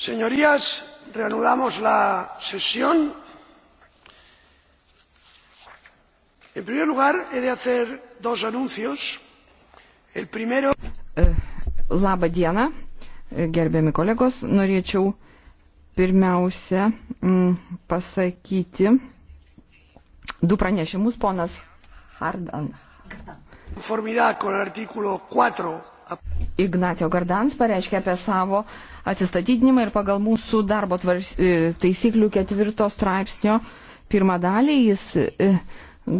señorías reanudamos la sesión. en primer lugar he de hacer dos anuncios. el primero. Eh, Labą dieną, eh, gerbiami kolegos. Norėčiau pirmiausia m, mm, pasakyti du pranešimus, ponas Hardan. Conformidad con el artículo 4 Ignacio Gardans pareiškė apie savo atsistatydinimą ir pagal mūsų darbo tvars, e, taisyklių ketvirto straipsnio pirmą dalį jis e,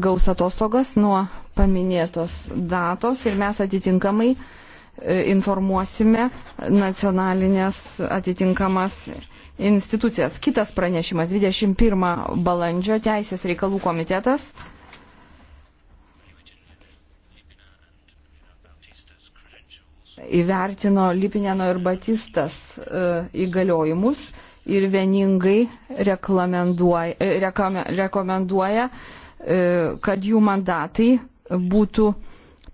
gaus atostogas nuo paminėtos datos ir mes atitinkamai e, informuosime nacionalinės atitinkamas institucijas. Kitas pranešimas 21 balandžio Teisės reikalų komitetas įvertino Lipinėno ir Batistas e, įgaliojimus ir vieningai e, rekomenduoja, e, kad jų mandatai būtų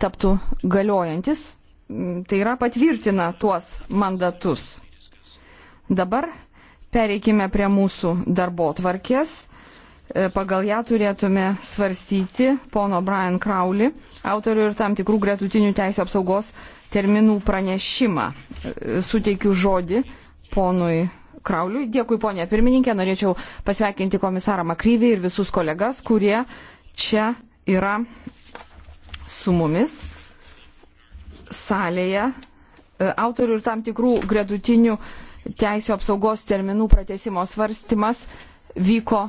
taptų galiojantis, mm, tai yra patvirtina tuos mandatus. Dabar pereikime prie mūsų darbo tvarkės. E, pagal ją turėtume svarstyti pono Brian Crowley, autorių ir tam tikrų gretutinių teisų apsaugos terminų pranešimą. E, suteikiu žodį ponui Krauliui. Dėkui, ponė pirmininkė, norėčiau pasveikinti komisarą Makryvį ir visus kolegas, kurie čia yra su mumis salėje. E, autorių ir tam tikrų gretutinių teisų apsaugos terminų pratesimo svarstymas vyko